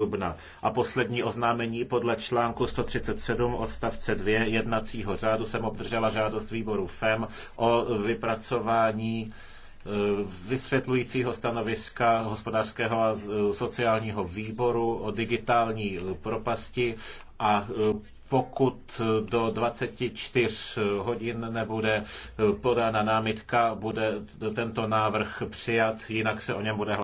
dubna. A poslední oznámení podle článku 137 odstavce 2 jednacího řádu jsem obdržela žádost výboru FEM o vypracování eh, vysvětlujícího stanoviska hospodářského a sociálního výboru o digitální eh, propasti a eh, pokud do 24 hodin nebude podána námitka, bude tento návrh přijat, jinak se o něm bude hlasovat.